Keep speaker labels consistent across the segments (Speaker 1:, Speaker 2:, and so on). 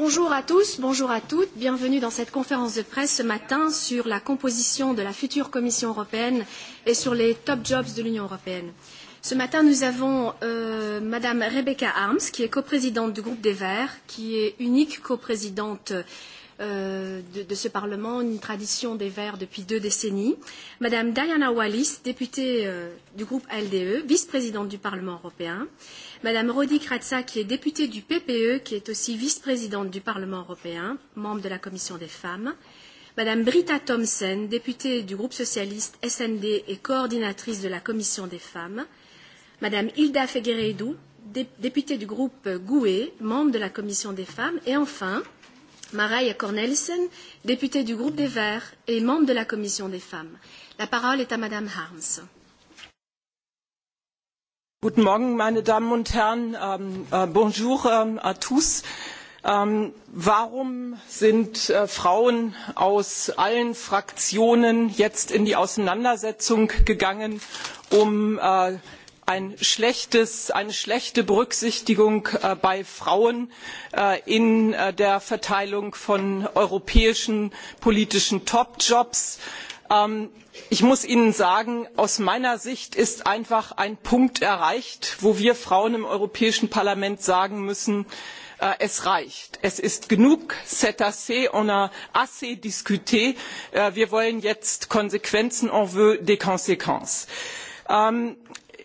Speaker 1: Bonjour à tous, bonjour à toutes, bienvenue dans cette conférence de presse ce matin sur la composition de la future Commission européenne et sur les top jobs de l'Union européenne. Ce matin, nous avons euh, Madame Rebecca Arms, qui est coprésidente du groupe des Verts, qui est unique coprésidente euh, Euh, de, de ce Parlement, une tradition des Verts depuis deux décennies. Madame Diana Wallis, députée euh, du groupe LDE, vice-présidente du Parlement européen. Madame Rodi Kratza, qui est députée du PPE, qui est aussi vice-présidente du Parlement européen, membre de la Commission des femmes. Madame Britta Thomsen, députée du groupe socialiste SND et coordinatrice de la Commission des femmes. Madame Hilda Fegueredou, députée du groupe GUE, membre de la Commission des femmes. Et enfin, Mareille Cornelissen, députée du groupe des Verts et membre de la Commission des femmes. La parole est à Madame Harms.
Speaker 2: Guten Morgen, meine Damen und Herren. Ähm, äh, bonjour ähm, à tous. Ähm, warum sind äh, Frauen aus allen Fraktionen jetzt in die Auseinandersetzung gegangen, um äh, eine schlechte berücksichtigung äh, bei frauen äh, in äh, der verteilung von europäischen politischen topjobs. Ähm, ich muss ihnen sagen aus meiner sicht ist einfach ein punkt erreicht wo wir frauen im europäischen parlament sagen müssen es reicht es ist genug c'est assez on a assez discut wir wollen jetzt konsequenzen on veut des consquences. Ähm,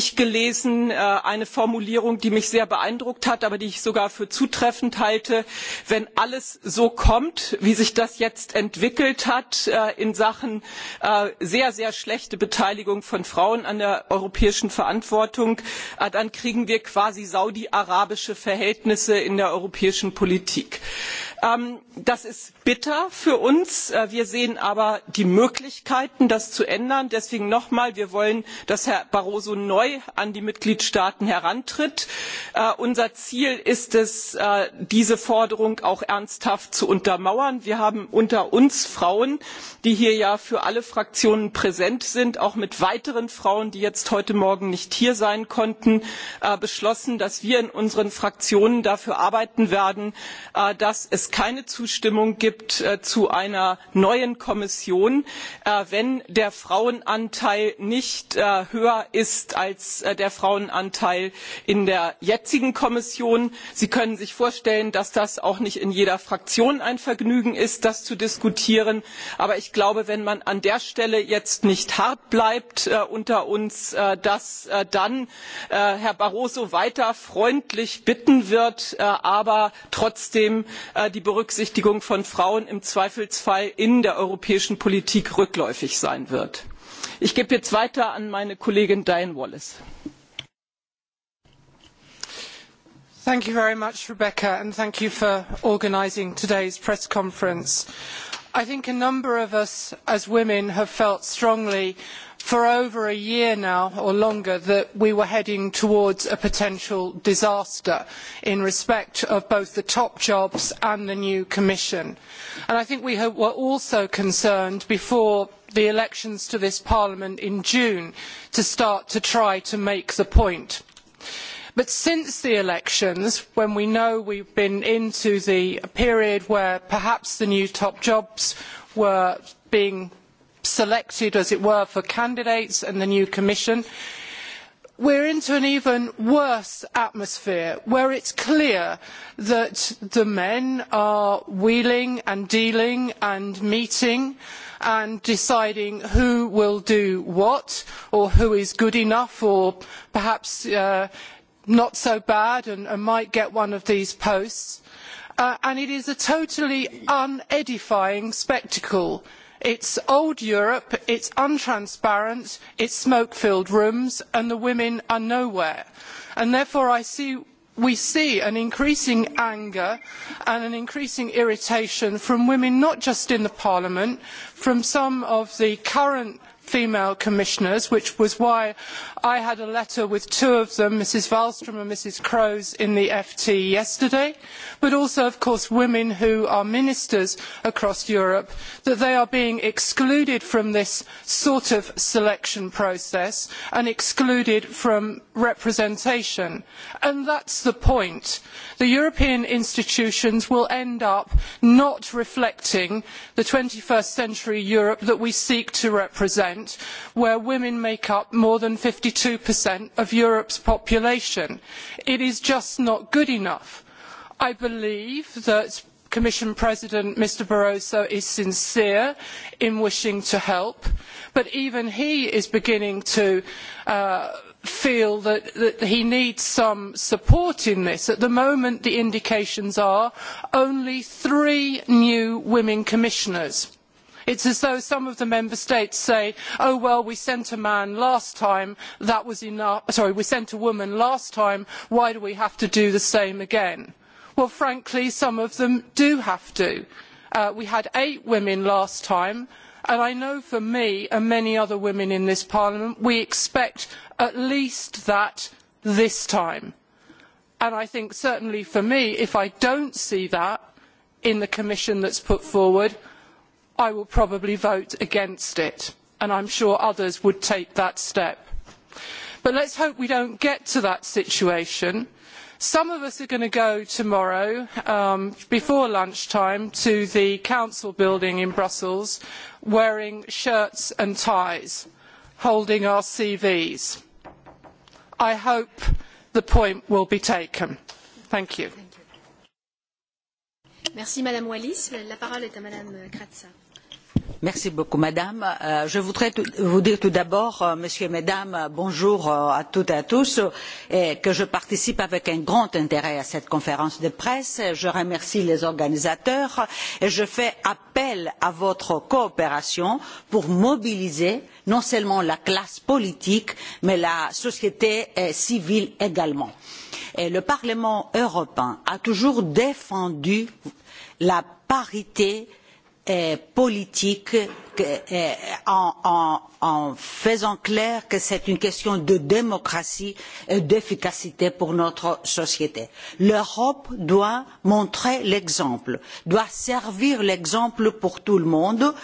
Speaker 2: ich gelesen äh, eine formulierung die mich sehr beeindruckt hat aber die ich sogar für zutreffend halte wenn alles so kommt wie sich das jetzt entwickelt hat äh, in sachen äh, sehr sehr schlechte beteiligung von frauen an der europäischen verantwortung dann kriegen wir quasi saudi arabische verhältnisse in der europäischen politik. Ähm, das ist bitter für uns wir sehen aber die möglichkeiten das zu ändern. deswegen noch einmal wir wollen dass herr barroso neu an die mitgliedstaaten herantritt. Äh, unser ziel ist es äh, diese forderung auch ernsthaft zu untermauern. wir haben unter uns frauen die hier ja für alle fraktionen präsent sind auch mit weiteren frauen die jetzt heute morgen nicht hier sein konnten äh, beschlossen dass wir in unseren fraktionen dafür arbeiten werden dass es keine zustimmung gibt zu einer neuen kommission wenn der frauenanteil nicht höher ist als äh, der frauenanteil in der jetzigen kommission. sie können sich vorstellen dass es auch nicht in jeder fraktion ein vergnügen ist das zu diskutieren aber ich glaube wenn man an der stelle jetzt nicht hart bleibt äh, unter uns äh, dass dann herr barroso weiter freundlich bitten wird aber trotzdem die berücksichtigung von frauen im zweifelsfall in der europäischen politik rückläufig sein wird ich gebe jetzt weiter an meine kollegin diane wallis.
Speaker 3: thank you very much rebecca and thank you for organising today's press conference. i think a number of us as women have felt strongly that for over a year now or longer that we were heading towards a potential disaster in respect of both the top jobs and the new commission. And I think we were also concerned before the elections to this parliament in June to start to try to make the point. But since the elections, when we know we've been into the period where perhaps the new top jobs were being selected, as it were, for candidates and the new Commission, we're into an even worse atmosphere where it's clear that the men are wheeling and dealing and meeting and deciding who will do what or who is good enough or perhaps uh, not so bad and, and might get one of these posts. Uh, and it is a totally unedifying spectacle it is old europe it is untransparent it is smoke filled rooms and the women are nowhere therefore we see an increasing anger and an increasing irritation from women not just in parliament from some of the current female commissioners which was why i had a letter with two of them mrs wallstrm and mrs kroes in the ft yesterday but also of course women who are ministers across europe that they are being excluded from this sort of selection process and excluded from representation and that's the point the European institutions will end up not reflecting the 21st century Europe that we seek to represent, where women make up more than 52% of Europe's population. It is just not good enough. I believe that Commission President Mr Barroso is sincere in wishing to help, but even he is beginning to uh, feel that, that he needs some support in this. At the moment, the indications are only three new women commissioners. It's as though some of the member states say, oh, well, we sent a man last time, that was enough, sorry, we sent a woman last time, why do we have to do the same again? Well, frankly, some of them do have to. Uh, we had eight women last time, and i know for me and many other women in this parliament we expect at least that this time. And I think certainly for me, if I don't see that in the commission that's put forward, I will probably vote against it. And I'm sure others would take that step. But let's hope we don't get to that situation. Some of us are going to go tomorrow, um, before lunchtime, to the council building in Brussels, wearing shirts and ties, holding our CVs i hope the point will be taken.
Speaker 4: Merci beaucoup, Madame. Euh, je voudrais vous dire tout d'abord, euh, Monsieur et Mesdames, euh, bonjour à toutes et à tous, et que je participe avec un grand intérêt à cette conférence de presse. Je remercie les organisateurs et je fais appel à votre coopération pour mobiliser non seulement la classe politique, mais la société civile également. Et le Parlement européen a toujours défendu la parité Eh, politique Eh, en, en faisant clair que c'est une question de démocratie et d'efficacité pour notre société. L'Europe doit montrer l'exemple, doit servir l'exemple pour tout le monde,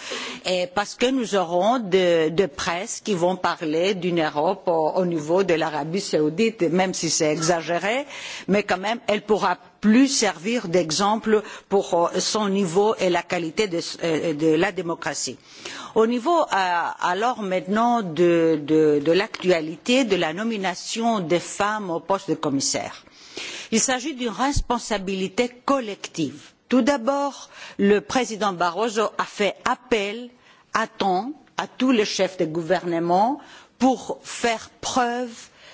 Speaker 4: et parce que nous aurons des de presses qui vont parler d'une Europe au, au niveau de l'Arabie saoudite, même si c'est exagéré, mais quand même, elle pourra plus servir d'exemple pour euh, son niveau et la qualité de, euh, de la démocratie. Au niveau euh, alors maintenant de, l'actualité de la nomination des femmes au poste de commissaire, il s'agit d'une responsabilité collective. Tout d'abord, le président Barroso a fait appel à temps à tous les chefs de gouvernement pour faire preuve euh,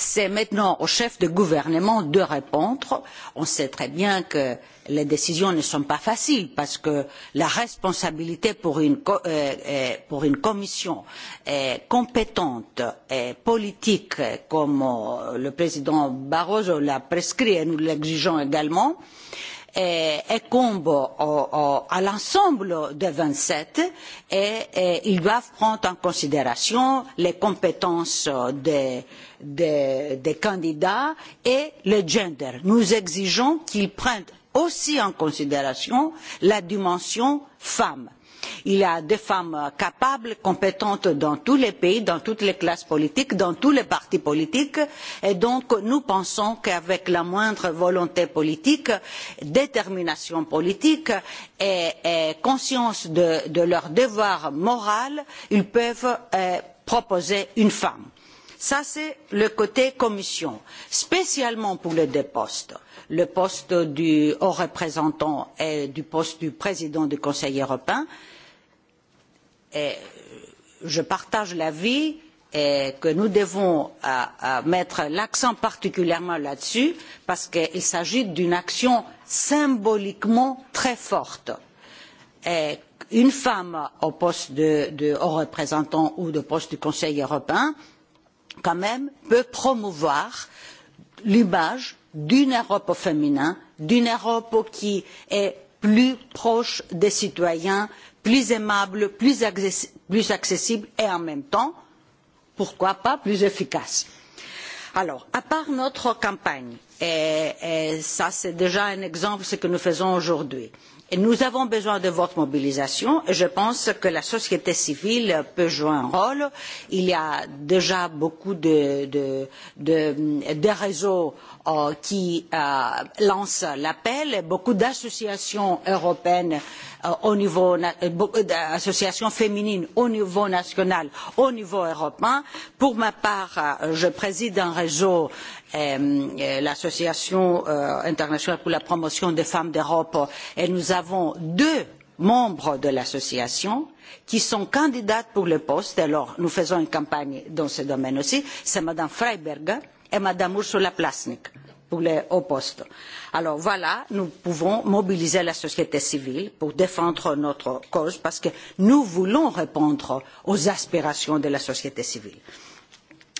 Speaker 4: C'est maintenant au chef de gouvernement de répondre. On sait très bien que les décisions ne sont pas faciles parce que la responsabilité pour une, euh, euh, pour une commission compétente et politique comme euh, le président Barroso l'a prescrit et nous l'exigeons également, euh, incombe eh, eh, au, au, à l'ensemble des 27 et, et eh, ils doivent prendre en considération les compétences des, des, des candidats et le gender. Nous exigeons qu'ils prennent aussi en considération la dimension femme Il y a des femmes capables, compétentes dans tous les pays, dans toutes les classes politiques, dans tous les partis politiques. Et donc, nous pensons qu'avec la moindre volonté politique, détermination politique et, conscience de, leur devoir moral, ils peuvent euh, proposer une femme Ça, c'est le côté commission, spécialement pour les deux postes, le poste du haut représentant et du poste du président du Conseil européen. Et je partage l'avis et que nous devons à, euh, à euh, mettre l'accent particulièrement là-dessus parce qu'il s'agit d'une action symboliquement très forte. Et une femme au poste de, de haut représentant ou de poste du Conseil européen, euh, quand même peut promouvoir l'image d'une Europe au féminin, d'une Europe qui est plus proche des citoyens, plus aimable, plus, accessi plus accessible et en même temps, pourquoi pas, plus efficace. Alors, à part notre campagne, et, et ça c'est déjà un exemple de ce que nous faisons aujourd'hui, euh, nous avons besoin de votre mobilisation et je pense que la société civile peut jouer un rôle. Il y a déjà beaucoup de, de, de, de réseaux euh, qui euh, lancent l'appel, beaucoup d'associations européennes euh, au niveau euh, euh, d'associations féminines au niveau national, au niveau européen. Pour ma part, euh, je préside un réseau Euh, euh, l'association euh, internationale pour la promotion des femmes d'Europe et nous avons deux membres de l'association qui sont candidates pour le poste. Alors nous faisons une campagne dans ce domaine aussi. C'est Madame Freiberger et Madame Ursula Plasnik pour les hauts postes. Alors voilà, nous pouvons mobiliser la société civile pour défendre notre cause parce que nous voulons répondre aux aspirations de la société civile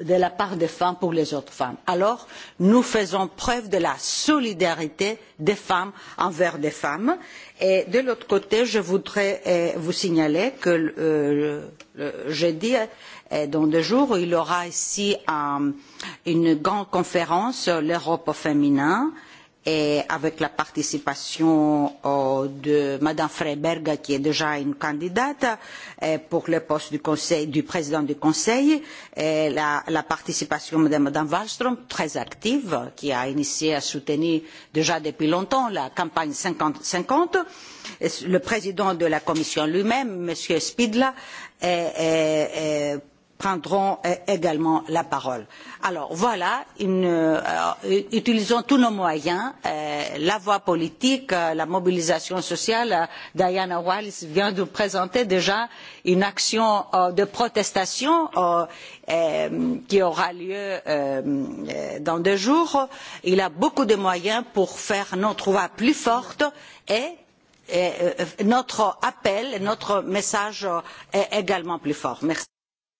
Speaker 4: de la part des femmes pour les autres femmes. alors nous faisons preuve de la solidarité des femmes envers les femmes et de l'autre côté je voudrais eh, vous signaler que euh, jeudi eh, dans deux jours il y aura ici une grande conférence l'europe au féminin et avec la participation euh, de Madame Freiberg, qui est déjà une candidate pour le poste du, conseil, du président du Conseil, et la, la participation de Madame Wallström, très active, qui a initié à soutenir déjà depuis longtemps la campagne 50-50, le président de la Commission lui-même, Monsieur Spidla, est, est, est prendront euh, également la parole. Alors voilà, une, euh, euh utilisons tous nos moyens, euh, la voie politique, euh, la mobilisation sociale. Euh, Diana Wallis vient de présenter déjà une action euh, de protestation euh, euh, qui aura lieu euh, dans deux jours. Il a beaucoup de moyens pour faire notre voix plus forte et et notre appel, notre message est également plus fort. Merci.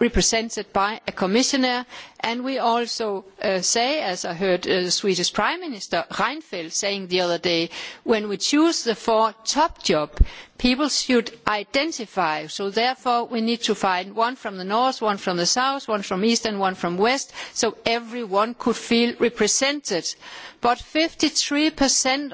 Speaker 5: represented by a commissioner and we also uh, say as i heard uh, the swedish prime minister reinfeldt saying the other day when we choose the four top jobs people should identify so therefore we need to find one from the north one from the south one from the east and one from the west so everyone could feel represented but fifty three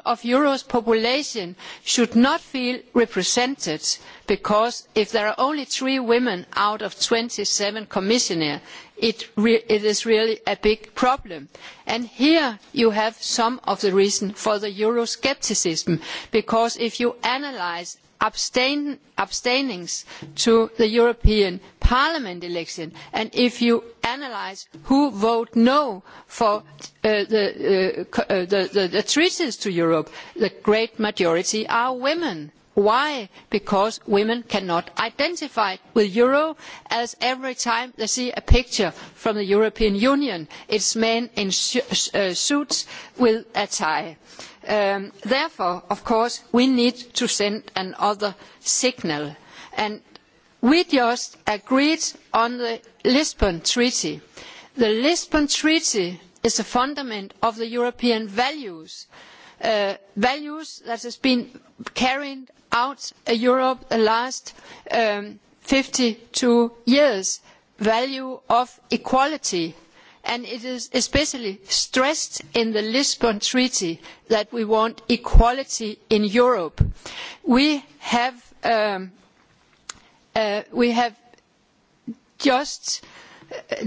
Speaker 5: of europe's population should not feel represented because if there are only three women out of twenty seven commissioners it, is really a big problem. And here you have some of the reason for the Euroscepticism, because if you analyse abstaining abstainings to the European Parliament election, and if you analyse who voted no for uh, uh, uh, the treaties to Europe, the great majority are women Why? Because women cannot identify with Euro as every time they see a picture from the European Union, it's men in uh, suits with a tie. Um, therefore, of course, we need to send another signal. And we just agreed on the Lisbon Treaty. The Lisbon Treaty is the fundament of the European values. Uh, values that has been carried out in Europe the last um, fifty 52 years, value of equality. And it is especially stressed in the Lisbon Treaty that we want equality in Europe. We have, um, uh, we have just uh,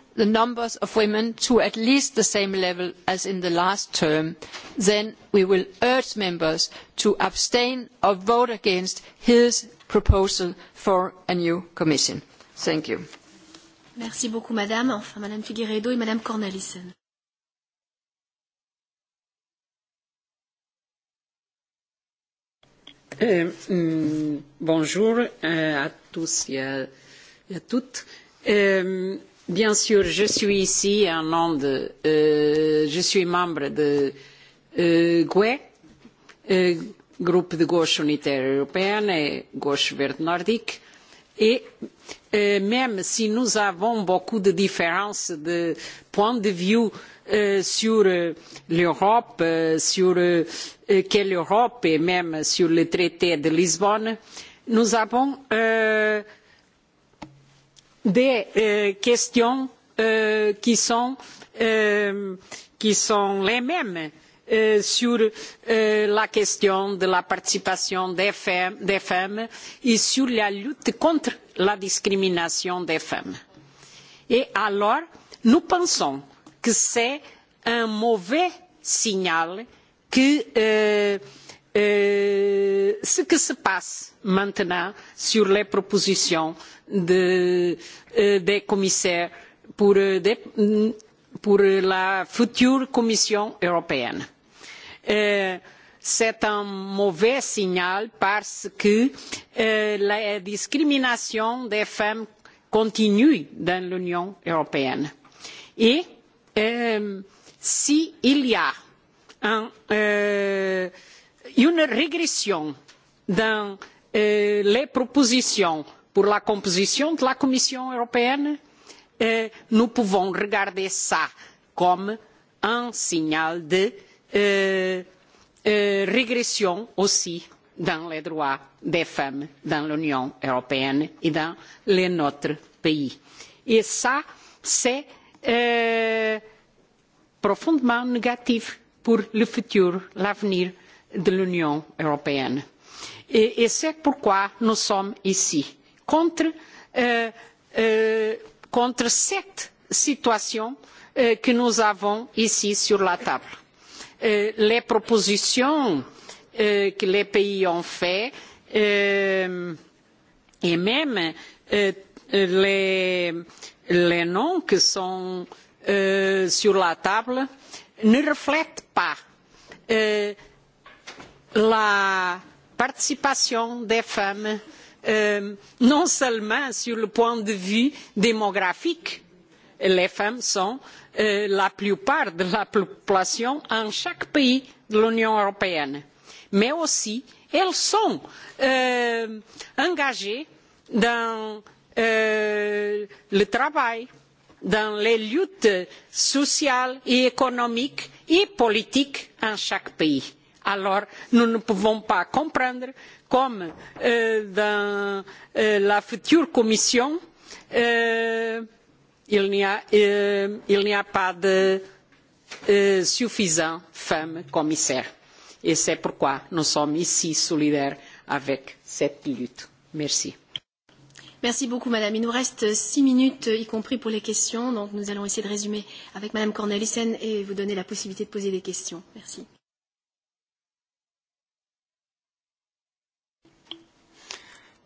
Speaker 5: the numbers of women to at least the same level as in the last term, then we will urge members to abstain or vote against his proposal for a new commission. Thank you.
Speaker 6: bonjour à tous et à, toutes. Euh, Bien sûr, je suis ici en nom de, euh, je suis membre de euh, GUE, euh, groupe de gauche unitaire européenne et gauche verte nordique. Et euh, même si nous avons beaucoup de différences de point de vue euh, sur euh, l'Europe, euh, sur euh, euh quelle Europe et même sur le traité de Lisbonne, nous avons euh, des euh, questions euh, qui, sont, euh, qui sont les mêmes euh, sur euh, la question de la participation des femmes, des femmes et sur la lutte contre la discrimination des femmes. Et alors, nous pensons que c'est un mauvais signal que euh, Eh, ce qui se passe maintenant sur les propositions de, euh, des commissaires pour, euh, de, mm, pour la future Commission européenne. Euh, c'est un mauvais signal parce que euh, la discrimination des femmes continue dans l'Union européenne. Et euh, s'il y a un, euh, une régression dans eh, les propositions pour la composition de la Commission européenne, eh, nous pouvons regarder cela comme un signal de um eh, régression aussi dans les droits des femmes dans l'Union européenne et dans les notre pays. Et cela c'est euh, profondément négatif pour le futur, l'avenir de l'Union européenne. Et, et c'est pourquoi nous sommes ici, contre, euh, euh, contre cette situation euh, que nous avons ici sur la table. Euh, les propositions euh, que les pays ont faites euh, et même euh, les, les noms qui sont euh, sur la table ne reflètent pas euh, la participation des femmes euh, non seulement sur le point de vue démographique les femmes sont euh, la plupart de la population en chaque pays de l'Union européenne, mais aussi elles sont euh, engagées dans euh, le travail, dans les luttes sociales et économiques et politiques en chaque pays Alors, nous ne pouvons pas comprendre comme euh, dans euh, la future Commission, euh, il n'y a, euh, a, pas de euh, suffisant femmes commissaires. Et c'est pourquoi nous sommes ici solidaires avec cette lutte. Merci.
Speaker 1: Merci beaucoup, Madame. Il nous reste six minutes, y compris pour les questions. Donc, nous allons essayer de résumer avec Madame Cornelissen et vous donner la possibilité de poser des questions.
Speaker 7: Merci.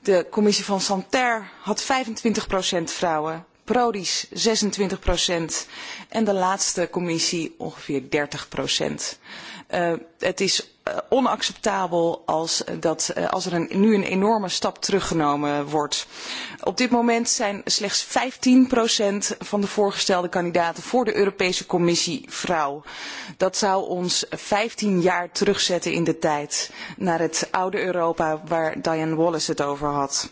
Speaker 7: De commissie van Santer had 25% vrouwen, Prodis 26% en de laatste commissie ongeveer 30%. Uh, eh, het is Eh, onacceptabel als, dat, eh, als er een, nu een enorme stap teruggenomen wordt. Op dit moment zijn slechts 15% van de voorgestelde kandidaten voor de Europese Commissie vrouw. Dat zou ons 15 jaar terugzetten in de tijd naar het oude Europa waar Diane Wallace het over had.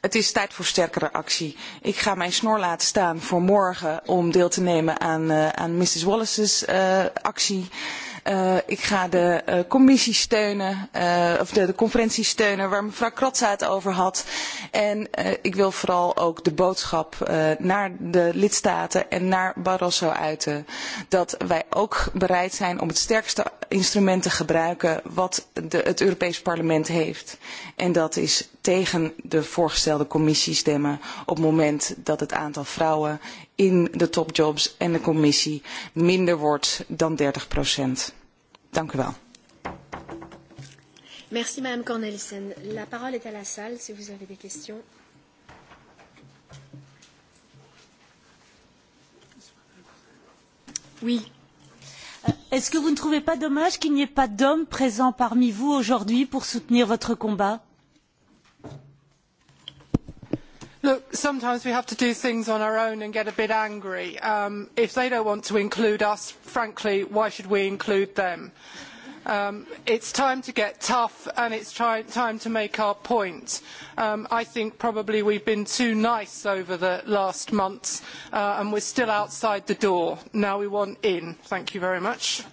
Speaker 7: Het is tijd voor sterkere actie. Ik ga mijn snor laten staan voor morgen om deel te nemen aan, uh, aan Mrs. Wallace's uh, actie. Uh, Eh, ik ga de eh, commissie steunen, eh, of de, de, conferentie steunen waar mevrouw Kratza het over had. En ik wil vooral ook de boodschap naar de lidstaten en naar Barroso uiten. Dat wij ook bereid zijn om het sterkste instrument te gebruiken wat de, het Europees Parlement heeft. En dat is tegen de voorgestelde commissie stemmen op het moment dat het aantal vrouwen in de topjobs en de commissie minder wordt dan 30 procent. Dank u wel.
Speaker 1: Merci Madame Cornelissen. La parole est à la salle si vous avez des questions.
Speaker 4: Oui. Euh, est-ce que vous ne trouvez pas dommage qu'il n'y ait pas d'hommes présents parmi vous aujourd'hui pour soutenir votre combat
Speaker 3: look, sometimes we have to do things on our own and get a bit angry. Um, if they don't want to include us, frankly, why should we include them? Um, it's time to get tough and it's try- time to make our point. Um, I think probably we've been too nice over the last months uh, and we're still outside the door. Now we want in. Thank you very much.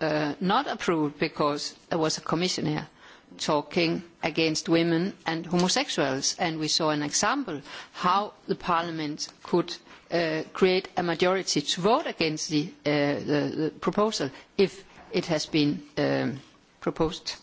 Speaker 5: uh, not approved because there was a commissioner talking against women and homosexuals. And we saw an example how the parliament could uh, create a majority to vote against the, uh, the, the proposal if it has been um, proposed.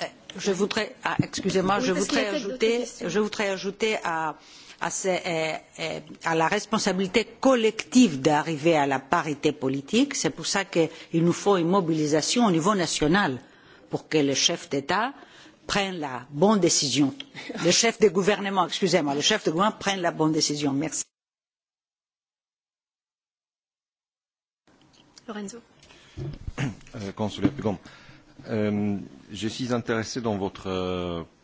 Speaker 4: Euh, je voudrais, ah,
Speaker 5: excusez-moi, oui, je, voudrais ajouter,
Speaker 4: je voudrais ajouter à, à, ce, euh, euh, à la responsabilité collective d'arriver à la parité politique. C'est pour ça qu'il nous faut une mobilisation au niveau national pour que les chefs d'État prennent la bonne décision. Le chef de gouvernement, excusez-moi, le chef de gouvernement prenne la bonne décision. Merci.
Speaker 1: Lorenzo.
Speaker 7: Euh, Consulat Pugom, euh, je
Speaker 4: suis intéressé dans votre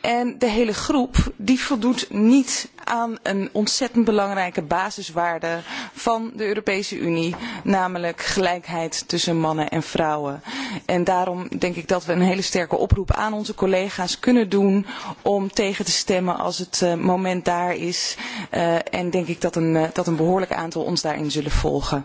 Speaker 7: En de hele groep die voldoet niet aan een ontzettend belangrijke basiswaarde van de Europese Unie, namelijk gelijkheid tussen mannen en vrouwen. En daarom denk ik dat we een hele sterke oproep aan onze collega's kunnen doen om tegen te stemmen als het uh, moment daar is. Uh, en denk ik dat een, uh, dat een behoorlijk aantal ons daarin zullen volgen.